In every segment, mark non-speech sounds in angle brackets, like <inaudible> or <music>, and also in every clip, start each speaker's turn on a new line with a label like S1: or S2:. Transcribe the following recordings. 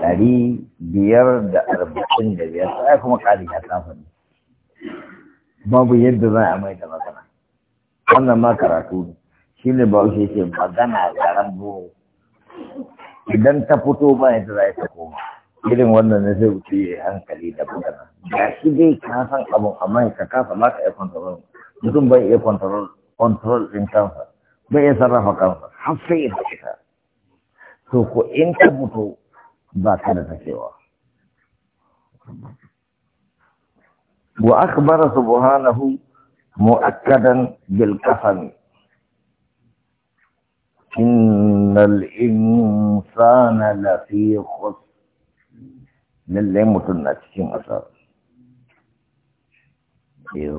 S1: ɗari biyar da arba'in da biyar sai kuma ƙari ya kafa ne babu yadda za a mai da magana wannan ma karatu ne shi ne ba shi ce magana ga rabu idan ta fito ba yadda za ta koma irin wannan ne zai wuce hankali da magana ga shi dai ka san abin amma ka kafa ma ka iya kwantarol mutum bai iya control control ɗin kansa bai iya sarrafa kansa har sai ya fita to ko in ta fito ذات حنفة سواه وأخبر سبحانه مؤكدا بالكفن إن الإنسان لفي خص من لم تنتشي مصر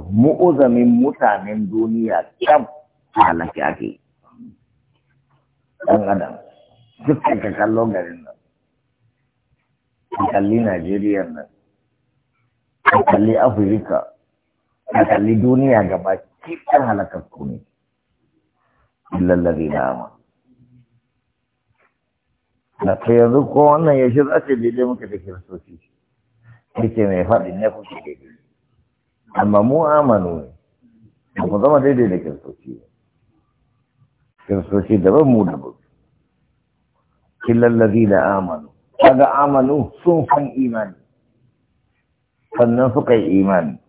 S1: مؤذى من متى من دنيا كم على كاكي أنا أنا سكتك كالو غيرنا نخلي نيجيريا نخلي افريقيا نخلي دنيا كما كيف حالك تكوني الا الذين امنوا نتيذكو ان يشد اسي بيليم كتكير سوشي كيكي ميفا دنيا كوشي كيكي اما مو امنوا نقضم ديدي لكير سوشي كير سوشي دبا مو دبا كلا الذين امنوا kaga amanu sun san imani sannan suka yi imani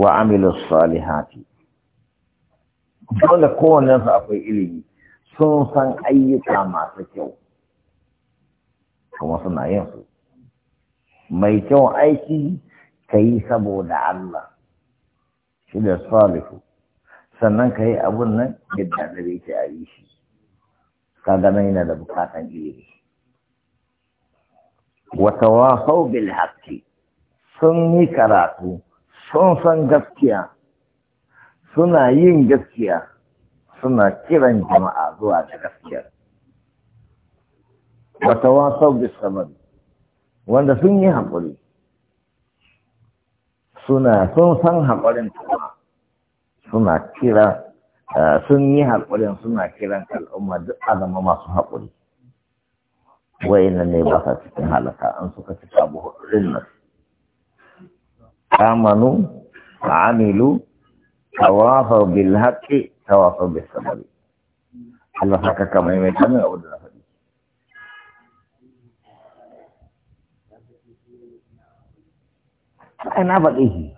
S1: wa amilu salihati dole kowane su akwai ilimi sun san ayyuka masu kyau kuma suna yin su mai kyau aiki ka yi saboda Allah shi da salihu sannan ka yi abun nan yadda da bai ce a yi shi ka nan yana da bukatan ilimi watawasau bil haqqi sun yi karatu sun san gaskiya suna yin gaskiya suna kiran jama'a zuwa da gaskiyar watawasau bil sabr wanda sun yi haƙuri suna sun san haƙurin kuma suna kira sun yi haƙurin suna kiran al'umma duk a zama masu haƙuri wayannan ne ba sa cikin halaka an suka ci abu hudun nan amanu amilu tawafa bil haqqi tawafa bis sabr Allah haka kamar mai kamar abu da faɗi ai na faɗi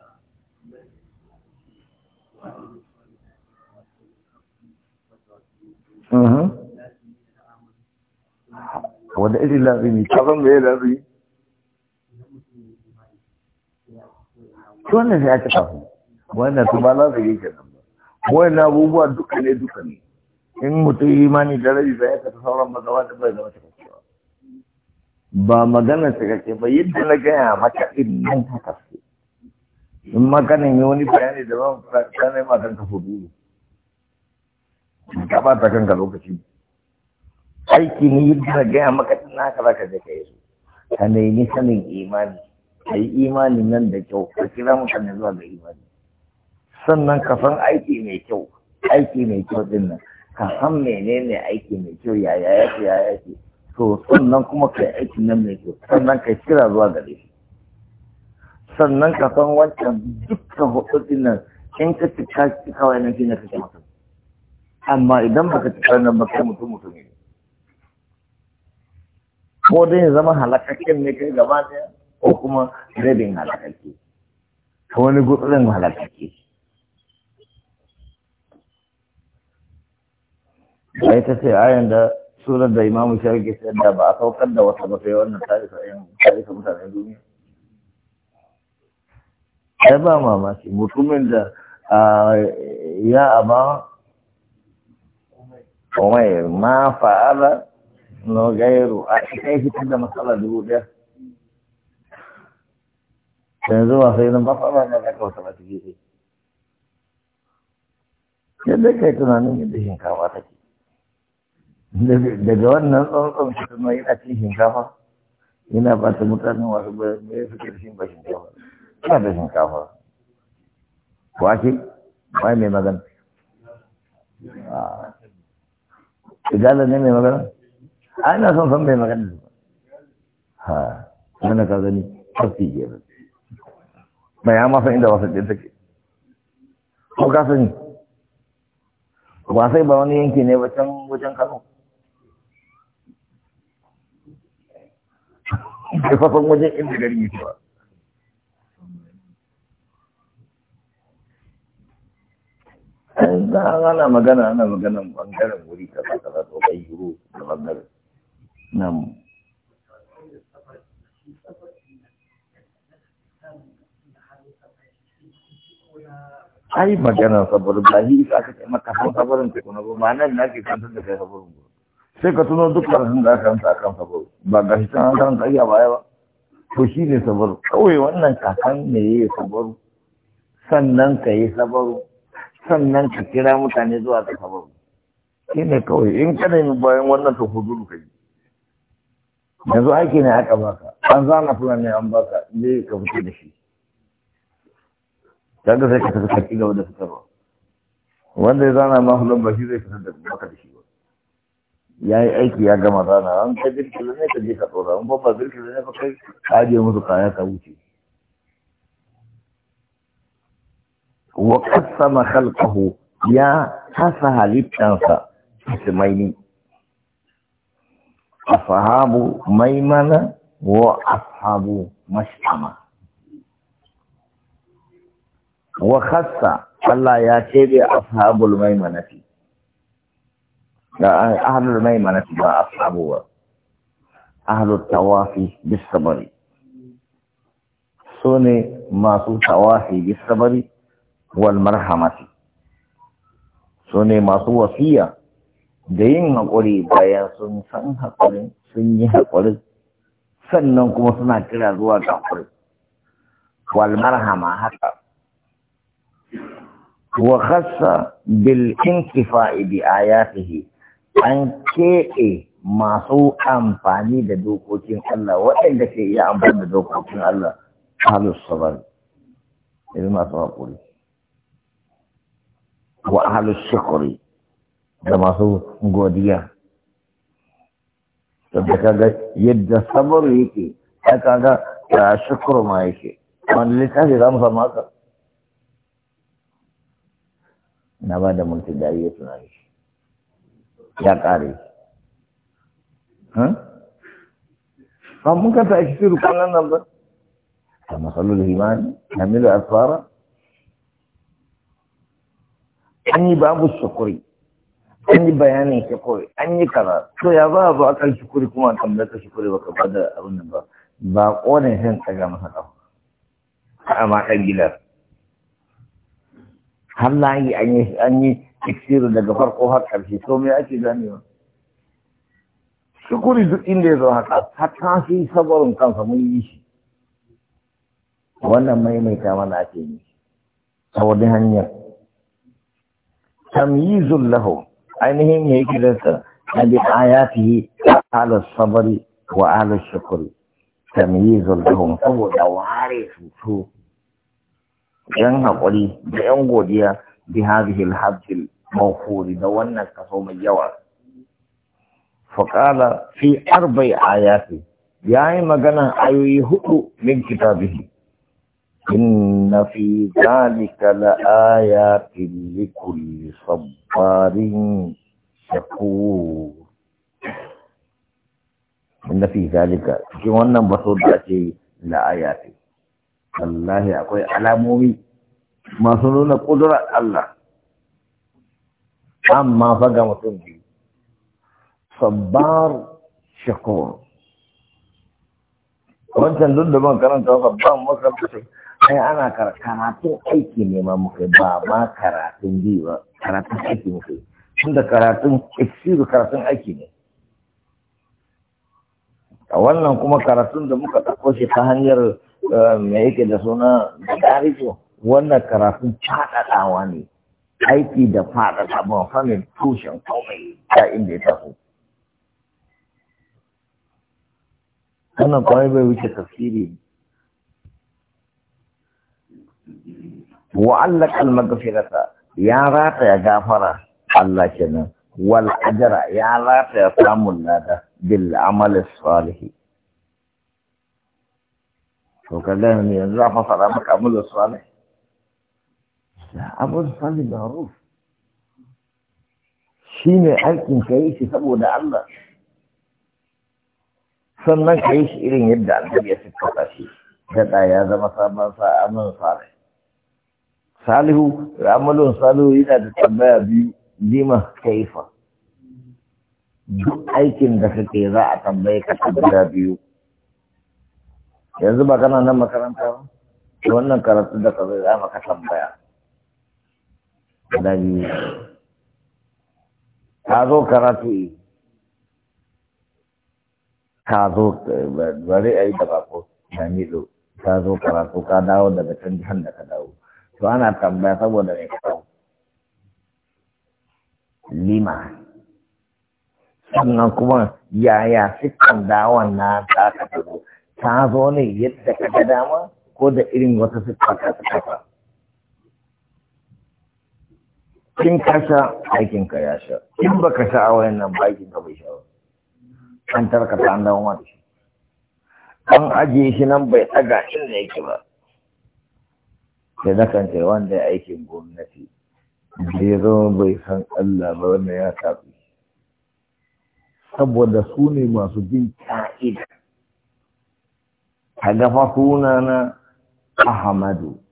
S1: Mm-hmm. wanda irin lazimi ka san me lazimi to wannan sai aka tafi wannan su ba lazimi kenan ba wannan abubuwa duka ne duka ne in mutum mani da rabi ba ya ta sauran mazawa da bai zama cikakkewa ba magana cikakke ba yadda na gaya maka irin nan ta kasu in maganin yi wani bayani da ban kanai makan ka fudu ka ba ta kanka lokaci aiki ne yadda na gaya maka tun haka za ka je ka yi su ka nemi sanin imani ka yi imani nan da kyau ka kira mutane zuwa ga imani sannan ka san aiki mai kyau aiki mai kyau din nan ka san menene aiki mai kyau yaya yake yaya ce to sannan kuma ka yi aiki nan mai kyau sannan ka kira zuwa ga shi sannan ka san wancan dukkan hudu din nan in ka cika kawai nan shi ne kake mutum amma idan baka cika nan ba kai mutum mutum ne ko dai zama halakakken ne kai gaba daya ko kuma rabin halakakke ta wani gutsurin halakakke sai ta ce ayan da suna da imamu shari'a ke sayar da ba a saukar da wata ba sai wannan tarifa yin tarifa mutanen duniya ai ba mamaki mutumin da ya abawa umai ma fa'ala no gairu a ita fitar da matsala dubu ɗaya yanzu ba sai nan ba fa ba na da kawata ba ta gefe yadda kai tunanin yadda shinkafa take daga wannan tsantsan su kuma yana cin shinkafa yana ba ta mutanen wasu ba ya fi karshen ba shinkafa ba da shinkafa wake wai mai magana igala ne mai magana ina son san bai magana da ha mana ka gani ke ba bai ya masa inda ɗin take ko ka sani ba wani yanki ne wajen wajen kano bai fasan wajen inda gari ba ana magana ana maganan bangaren wuri kaza kaza to da bangaren Nam. ai magana sabar ba yi isa aka ce maka san sabarin ta kuma ba ma'anar na ke kantar da kai sabarin ba sai ka tuno duk karatun da aka ranta akan sabar ba ga shi can an ka iya baya ba to shi ne sabar kawai wannan kakan ne ya yi sabar sannan ka yi sabar sannan ka kira mutane zuwa ta sabar shi ne kawai in kada yi bayan wannan to hudu ka yi yanzu aiki ne aka baka an zana fulani an baka yi ka fito da shi ga zai ka tafi ka ga gaba da fitarwa wanda ya zana ma hulun ba zai fitar da baka da shi ba ya yi aiki ya gama zana an ka birki ne ka je ka tsora an babba birki ne ka kai ka ajiye musu kaya ka wuce wa qassama khalqahu ya hasa halittansa ismaini أصحاب ميمنة وأصحاب مشأمة وخص الله يأتي أصحاب الميمنة أهل الميمنة وأصحابها أهل التوافي بالصبر سوني ما توافي بالصبر والمرحمة سوني ما وصيه da yin haƙuri bayan sun san haƙurin sun yi haƙurin sannan kuma suna kira zuwa ga haƙuri wal marhama haka wa khassa bil inkifa'i bi ayatihi an keɓe masu amfani da dokokin Allah waɗanda ke iya amfani da dokokin Allah halus sabar irin masu haƙuri wa halus shukuri da masu godiya saboda kaga yadda sabar yake ya kaga ya shukuru ma yake wanda littafi za mu samu haka na ba da mulki dari ya tunani ya kare ha mun ka a shi suru kullun nan ba ta masalul himani hamilu asfara an yi babu shukuri an yi bayanin shukuri an yi kaza to ya ba ba akan shukuri kuma a tambayar ka shukuri ba ka ba da abin nan ba ba ƙonin shan tsaga masa ɗau a ma ɗan gida. har yi an yi an yi tiksiru daga farko har karshe to me ake ba. shukuri duk inda ya zo haka ta shi sabarin kansa mun yi shi wannan maimaita mana ake yi ta wani hanyar tamyizul lahu ainihin kiransa na da ya fi yi ala sabari wa ta shukri yi lahum saboda ware su su yan haƙuri da yan godiya bi hadhihi al mawhuri da wannan kaso mai yawa faƙala Fi'ar Bai آيات ya yi maganan ayoyi hudu من كتابه inna fi zalika la'ayatin likulli sabarin shakur inna fi zalika cikin wannan ba da ake la'ayati Allah ya akwai alamomi masu nuna kudura Allah amma fa ga mutum biyu sabar shakur wancan duk da ban karanta wa ban makarantar ai ana karatun aiki ne ma muka ba ma karatun bi ba karatun aiki muka tunda karatun karatun aiki ne a wannan kuma karatun da muka ɗauko shi ta hanyar eh, mai yake da suna da tarihi wannan karatun faɗaɗawa ne aiki da da ba fannin tushen komai ta inda ya taso wannan kawai bai wuce tafsiri وعلق المغفرة يا رات يا غافرة الله كنا والأجر يا رات يا سام الله بالعمل الصالح وكذا من ينزع فصرامك عمل الصالح لا عمل الصالح معروف شين أركن كيش سبو الله سنن كيش yi shi irin yadda alhaji ya siffata shi daɗa ya zama salihu amalin salihu yana da tambaya biyu lima kaifa duk aikin da kake za a tambaye ka tambaya biyu yanzu ba kana nan makaranta ba da wannan karatu da ka zai maka tambaya da biyu ka zo karatu yi eh. ka zo bari a yi da bako da nido ka zo karatu ka dawo daga can jihar da ka dawo to ana tambaya saboda mai kawo lima sannan kuma yaya sukan dawon na ta ka ta zo ne yadda ka ga dama ko da irin wata sukan ta ta kafa kin kasha aikin ka ya sha in ka sha a wayan nan bakin ka bai sha ba an ta an dawon ma shi an ajiye shi nan bai tsaga inda yake ba sai na kan wanda ya aikin gwamnati da ya zama bai san Allah ba wanda ya tafi saboda su ne masu bin ka'ida ka dafa sunana Ahmadu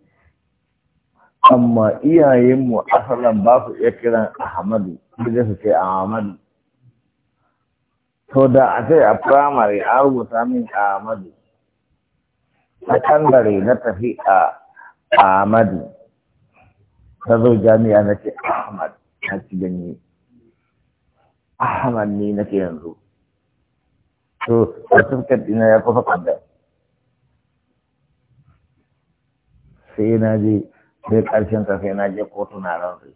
S1: amma iyayenmu asalan ba su iya kiran Ahmadu sai su ce Ahmadu to da a sai a firamare an rubuta min Ahmadu sakandare na tafi a Ahmadu ta zo jami'a na ce Ahmad ta ci ganye Ahmad ne nake yanzu to certificate dina ya kusa kwanda sai na je sai karshen ka sai na je kotu na rantsai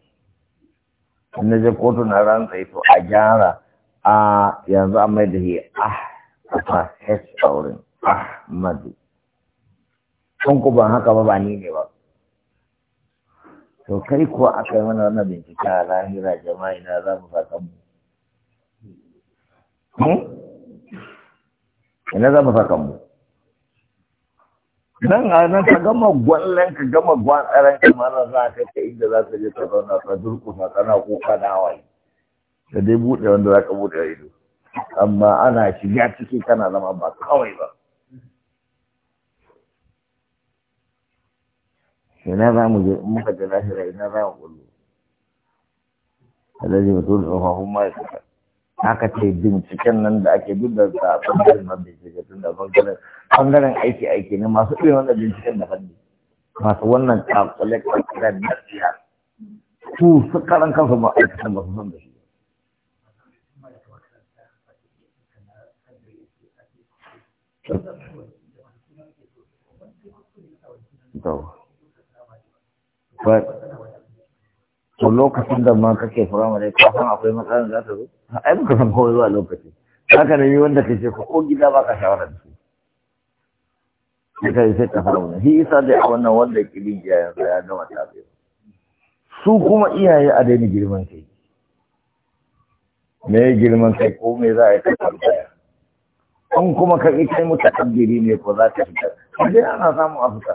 S1: in na je kotu na rantsai to a gyara a yanzu an mai da shi ah a fa wurin ahmadu can ku ban haka ba ba ni ne ba to kai kuwa aka yi mana wannan bincike a lahira jama'a hmm? ina za mu saka mu ina za mu saka mu nan a nan ka gama gwallon ka gama ka mara za ka kai inda za ka je ka zauna ka durkusa kana kuka na hawaye ka dai buɗe wanda za ka buɗe ido amma ana shiga ciki kana zama ba kawai ba ina za mu je in muka da lahira ina za mu kullu alladhi yutulhu huma yakfa haka ce binciken nan da ake duk da a bangaren man bincike tun da bangaren bangaren aiki aiki ne masu irin wannan binciken da fanni masu wannan kakule kakule na tsiya su su karan kansu ba aikatan ba su san da shi Então... to lokacin da ma kake firamare ka san akwai matsalar za ta zo ai baka san kawai zuwa lokaci haka ne wanda kace ko ko gida ka shawara da su sai kai sai ka fara wannan shi isa a wannan wanda ke bin ya sa ya gama ta su kuma iyaye a daina girman kai me girman kai ko me za a yi ka tambaya an kuma ka kai mutu ne ko za ka fita sai ana samun a fita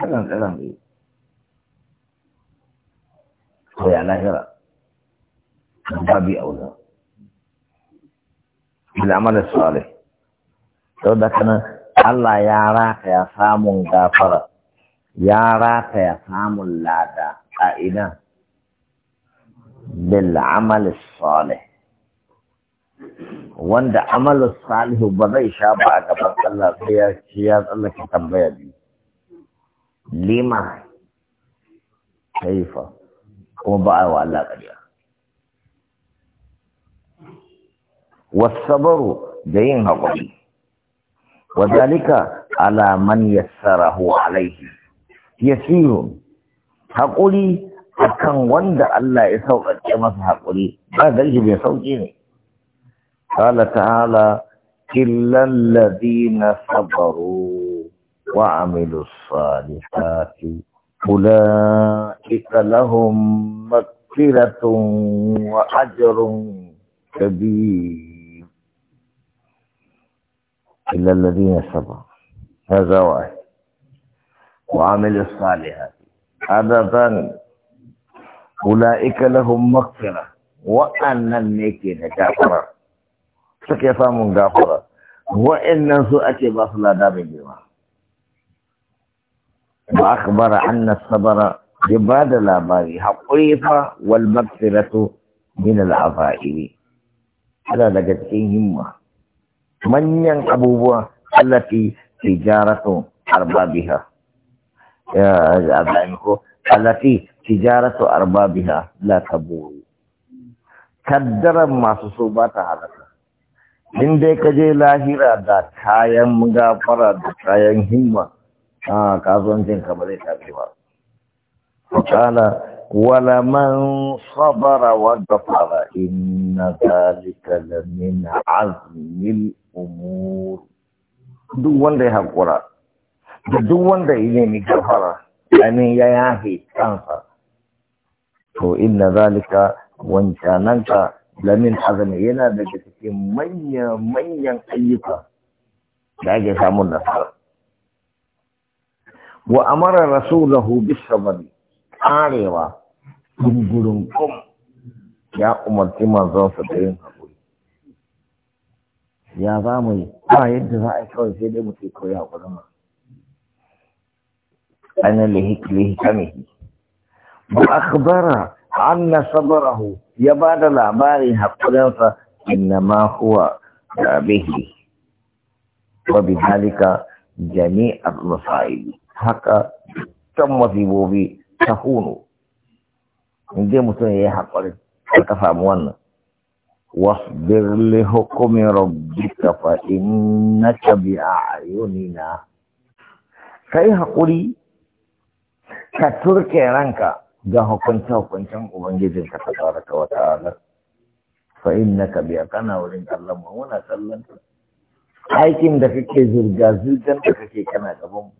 S1: kana tsaron ko ya lahira babi aula bil amal salih to da kana Allah ya raka ya samun gafara ya raka ya samun lada a ina bil amal salih wanda amal salih ba zai sha ba a gaban Allah sai ya ci ya tsallake tambaya biyu lima kaifa kuma ba a wa Allah ƙarya wasabaru da yin haƙuri wadalika alaman ya yassarahu alaihi yasiru haƙuri akan wanda Allah ya sauƙaƙe masa haƙuri ba zargi bai sauƙi ne قال تعالى na الذين wa amilu salisati. أولئك لهم مغفرة وأجر كبير إلا الذين صبروا هذا واحد وعملوا الصالحات هذا ثاني أولئك لهم مغفرة وأن نيكي كافرة فكيف من كافرة وإن سؤالك بصلا دابي جماعة wa akhbara anna sabara ya ba da labari haƙuri fa wal maghfiratu min al afairi ana daga cikin himma manyan abubuwa allati tijaratu arbabiha ya azami ko allati tijaratu arbabiha la taburu kaddara masu so ba ta halaka in dai ka je lahira da kayan gafara da kayan himma a kasuwancin ka ba zai tafi ba fakala wala man sabara wa gafara inna zalika lamin azmil umur duk wanda ya hakura da duk wanda ya nemi gafara amin ya yafe kansa to inna zalika wancananka lamin azmi yana daga cikin manyan manyan ayyuka da ake samun nasara wa amara rasulahu bisabari karewa gungurin kum ya umarci manzonsa da yin haƙuri ya za mu yi ba yadda za a yi kawai sai dai mutum koyi haƙuri ma ana lihikamihi ba akhbara anna sabarahu ya ba da labarin haƙurinsa innama huwa ga bihi wa bi halika jami'ar masa'ibi haka can masibobi ta hunu inda mutum ya yi haƙuri ka samu wannan واصبر لحكم ربك فإنك بأعيننا kai haƙuri ka turke ranka ga hukunci hukuncen ubangijin ka tsaraka wata halar fa inna ka biya kana wurin Allah mu muna sallanta aikin da kake zirga-zirgar da kake kana gaban mu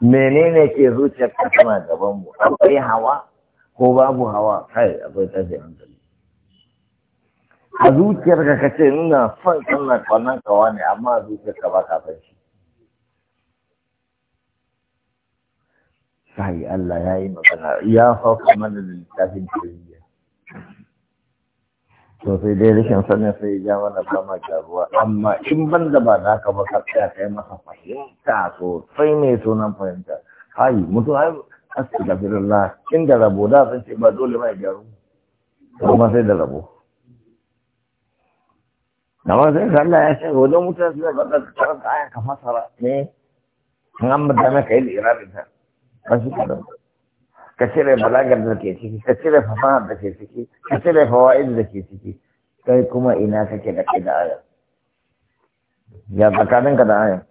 S1: menene ke zuciyar ka tana gaban mu akwai hawa ko babu hawa kai akwai tafi hankali a zuciyar ka kace ina son sannan kwanan kawa ne amma zuciyar ka ba a san shi sai Allah ya yi magana ya fauka kamar da littafin tarihi to sai dai rikin sanin sai ya mana fama ruwa amma in ban da ba za ka baka tsaya kai masa fahimta sai mai sunan fahimta hai mutum ai la, inda rabo da sun ce ba dole mai gyaru kuma sai da rabo amma sai zalla ya ce wajen mutane su zaba da karanta ayan ka fasara eh, ne an amma da maka yi lirarin ta ba shi ka ka cire balagar da ke ciki ka cire fasahar da ke ciki ka cire fawa'id da ke ciki kai kuma ina kake da kai da aya ya tsakaninka da aya?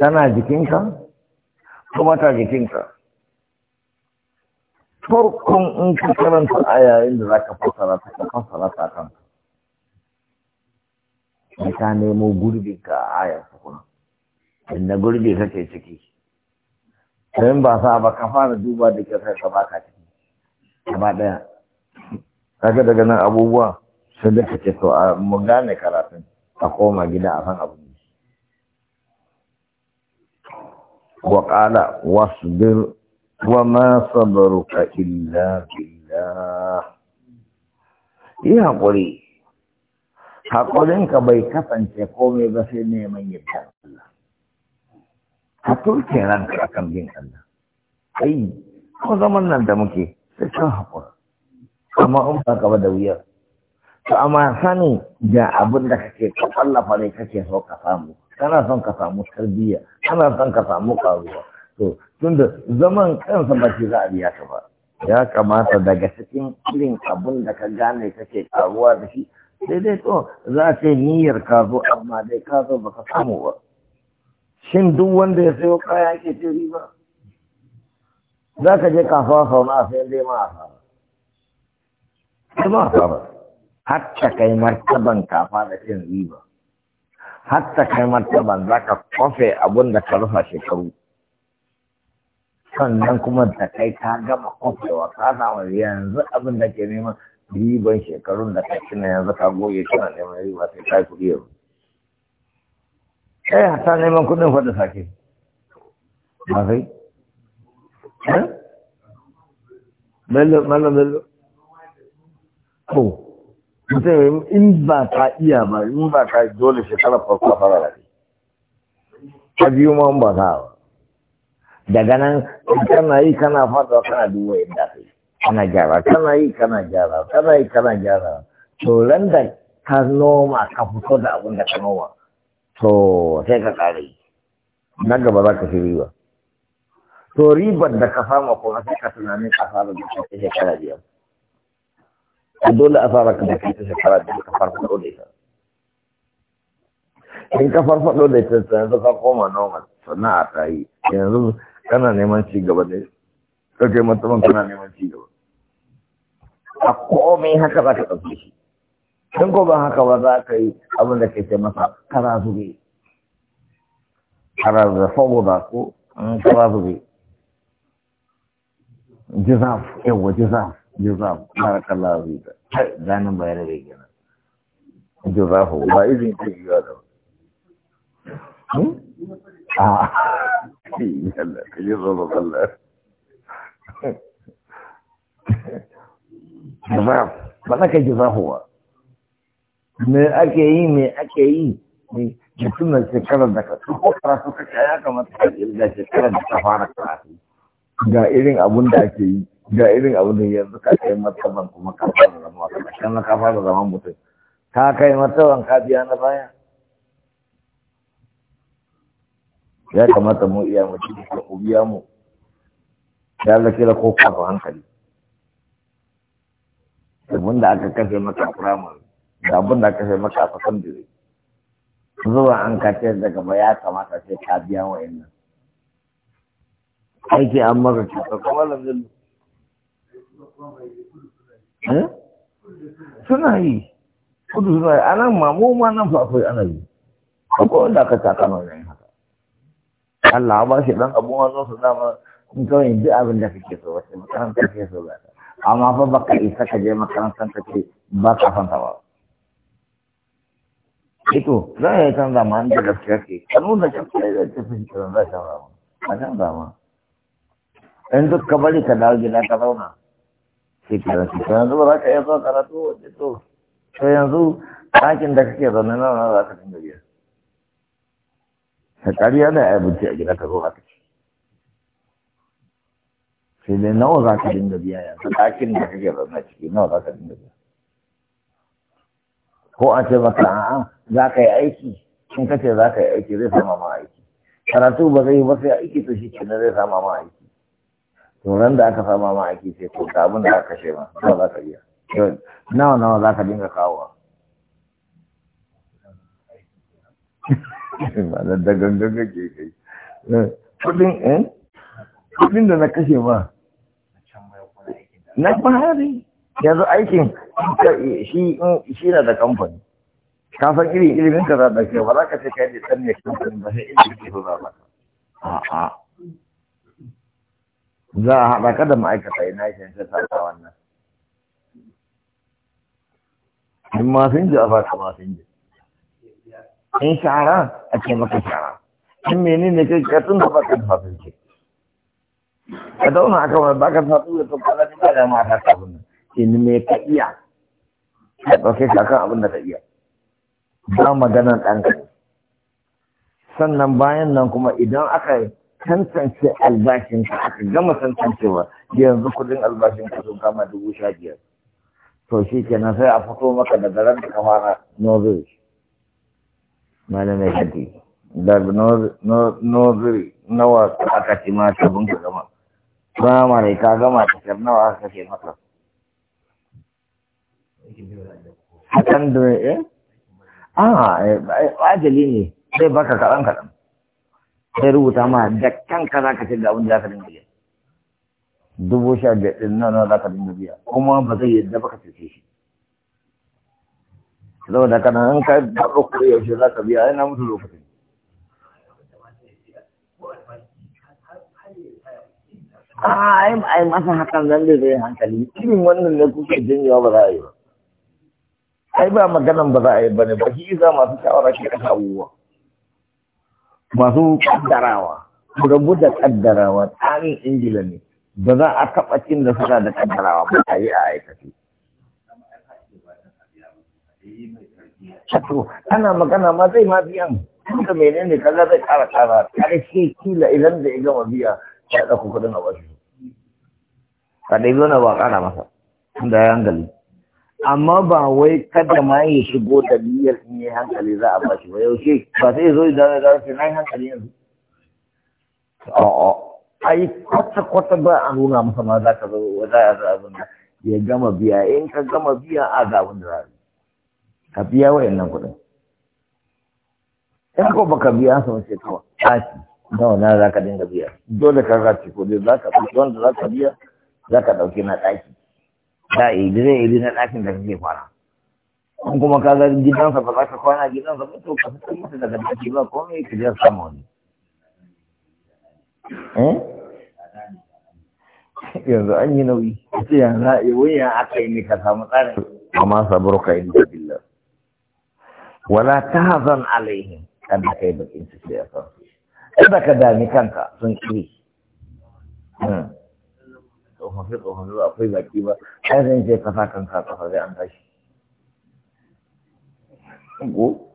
S1: tana jikinka kuma ta jikinka farkon in ka karanta aya inda za ka fassara ta ka fassara ta kan ka nemo gurbin ka a ayar kuma inda gurbi kake ciki sayan ba sa ba ka fara duba da kyau sai ka baka ciki gaba ɗaya. kaga daga nan abubuwa sai da kake to a mu gane karatun a koma gida a san abu wa qala wasbir wa ma sabruka illa billah yi hakuri hakurinka bai kasance komai ba sai neman yadda Allah a kenan ranka a kan bin Allah ai ko zaman nan da muke sai kan haƙura amma in ba gaba da wuyar to amma sani da abin da kake ka fallafa ne kake so ka samu kana son ka samu tarbiyya kana son ka samu karuwa to tunda zaman kansa ba shi za a biya ka ba ya kamata daga cikin irin abun da ka gane kake karuwa da shi daidai to za ka yi niyyar ka zo amma dai ka zo baka samu ba shin duk wanda ya sayo kaya ake ce riba za ka je kasuwa sau na sai zai ma a asara zai ma asara hatta kai martaban kafa da cin riba hatta kai martaban za ka kofe abin da ka rufa shekaru sannan kuma da kai ka gama kofewa ka samu yanzu abin da ke neman riban shekarun da ka cina yanzu ka goge kina neman riba sai ka kuɗi yanzu Eh, kai hata eh? neman kudin faɗa sake mafi sai bello bello bello ko mutum in ba ka iya ba in ba ka dole shekarar farko fara rafi ta biyu ma ba ta ba daga nan kana yi kana fata kana duwa inda ka yi kana gyara kana yi kana gyara kana yi kana gyara to ran da ka noma ka fito da abin da ka noma to sai ka kare nan gaba za ka fi riba to ribar da ka samu kuma sai ka tunanin a fara da ka fi shekara biyar a dole a fara ka da ka fi shekara biyar ka farfaɗo da ita in ka farfaɗo da ita yanzu ka koma normal sana'a ta yi yanzu kana neman ci gaba ne kai mutumin kana neman ci gaba a komai haka za ka ɗauke shi in ko ban haka ba za ka yi abin da ke ce masa kara zube kara da saboda ko mm, kara zube jizaf yawa jizaf jizaf mara kalla zube ganin bayar da gina jizafu ba izin ke yi da a hmm? ah, <laughs> <laughs> yi jizaf ba na ba me ake yi me ake yi ne mutum shekarar da ka ko karatu ka ya kamata ka yi kirga shekarar da ka fara karatu ga irin abun da ake yi ga irin abun da yanzu ka kai martaban kuma ka fara zama ka kan ka fara zama mutum ka kai martaban ka biya na baya ya kamata mu iya mu cikin ku biya mu ya Allah kira ko ka hankali abun da aka kashe maka firamare da abin da aka sai maka a fasan da zai zuwa an kace daga ba ya kamata sai ka biya wa yin nan aiki an maka cuta kuma da zillu eh? suna yi kudu suna yi anan mu ma nan fafai ana yi akwai wanda aka taka na wajen haka Allah ba shi dan abubuwan zuwa su dama in kawai duk abin da kake so wace makaranta kake so ba amma fa baka isa ka je makarantar ka ce ba ka fanta ba Ito, za a yi canza ma an da gaskiya ke, ka nuna gaskiya da ta fi kiran za a canza a canza ma. In duk ka bari ka dawo gida ka zauna, sai kiran shi, yanzu ba za ka iya zuwa karatu wace to, to yanzu ɗakin da kake zaune na na za ka dinga biya. Ka ƙarya da abinci a gida ka zo haka ci. Sai dai nawa za ka dinga biya yanzu ɗakin da kake zaune ciki nawa za ka dinga biya. Ko a ce maka a'a za ka yi aiki in ka ce za ka yi aiki zai sama ma aiki karatu ba zai yi ba sai aiki to shi kenan zai sama ma aiki to nan da aka sama ma aiki sai ko ga abin da aka kashe ma ba za ka biya nawa nawa za ka dinga kawo <laughs> ba da da gangan kake kai kudin eh kudin da na kashe ma na fahari yanzu aikin shi na da kamfani ka san irin ilimin ka za ɗauke ba za ka ce kai ne ɗan ne kan ba sai ilimin ke so za ba a'a za a haɗa ka da ma'aikata ina shan ta tsara wannan in ma sun ji a baka ma sun ji in shara a ce maka shara in mene ne kai ka tun da baka da fasin ce ka dauna aka wani baka da fasin da to ka zaɗi ba da mata ta abin nan in me ka iya ka ɗauke ka kan abin da ka iya ba maganar ɗanka sannan bayan nan kuma idan aka tantance ka, aka gama tantancewa yanzu kudin albashin ka sun kama dubu sha biyar to shi kenan sai a fito maka daga ran da kamara nozuri malamai hadi daga nozuri nawa aka ci ma ta ka gama mara ka gama tafiyar nawa aka ce maka hakan da ya a eh, eh, ajali ne zai baka kaɗan kaɗan sai rubuta ma da kanka za ka ce ga abin da za ka dinga biya dubu sha biyar ɗin nan za ka dinga biya kuma ba zai yadda ba ka cece shi saboda kana in ka faɗo ko yaushe za ka biya yana mutu lokacin a yi masa hakan zan zai hankali irin wannan ne kuke janyewa ba za a yi ba ai ba maganan ba za a yi bane ba shi isa masu shawara shi ka abubuwa masu kaddarawa rabu da kaddarawa tsarin ingila ne ba za a taɓa cin da suna da kaddarawa ba a yi a aikace Sato, ana magana ma zai ma biyan, da menene kaza zai ƙara ƙara, shi kila idan da ya gama biya, ya ɗauka kudin a wasu. Ka ɗai zo na ba kara masa, tun da ya hankali. amma ba wai kada ma ya shigo da niyyar in yi hankali za a bashi ba yaushe ba sai zo da da sai yi hankali yanzu a'a yi kwata kwata ba a nuna masa ma za ka zo za a za ya gama biya in ka gama biya a ga abin da za ka biya yannan kuɗin in ko baka biya su wace kawai ɗaki nawa na za ka dinga biya dole ka za ci ko za ka za ka biya za ka ɗauki na ɗaki da idi zai idi na ɗakin da kake kwana in kuma ka ga gidansa ba za ka kwana gidansa ba to ka fitar masa daga daki ba komai ka je samu wani eh? yanzu an yi nauyi a ce yanzu a yi aka yi ne ka samu tsarin amma sabar ka yi da billah wala ta hazan alaihim kada kai bakin ciki a su, kada ka dami kanka sun ƙi. Hmm. tsofaffi tsofaffi ba akwai baki ba har zan je kafa kan ka kafa zai an tashi ko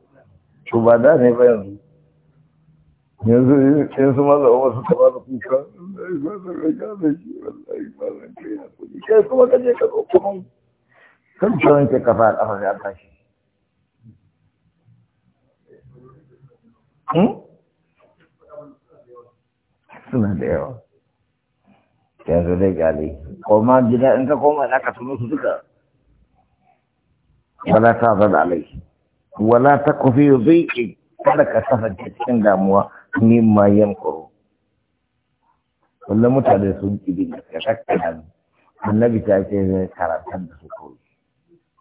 S1: to ba da ne ba yanzu yanzu in su maza umar su kama da kuka wallahi ba zan raka da shi wallahi ba zan kai hakuri kai kuma ka je ka ɗauko man kan tsaron ke kafa kafa sai an tashi hmm? suna da yawa yanzu dai kyale koma gida in ka koma za ka tuno su duka wala ta zan alai wala ta kufi zuiki kada ka safa cikin damuwa yan yankuru kullum mutane sun kibin ka kakkana annabi ta ce zai da su kawai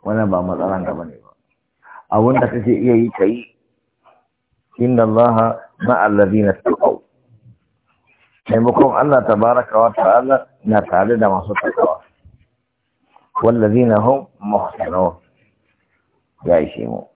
S1: wannan ba matsalan gaba ne ba abinda da kake iya yi ka yi inna allaha ma'allazina taqaw حمكم الله تبارك وتعالى نفعل ده ما والذين هم مختنون يعيشون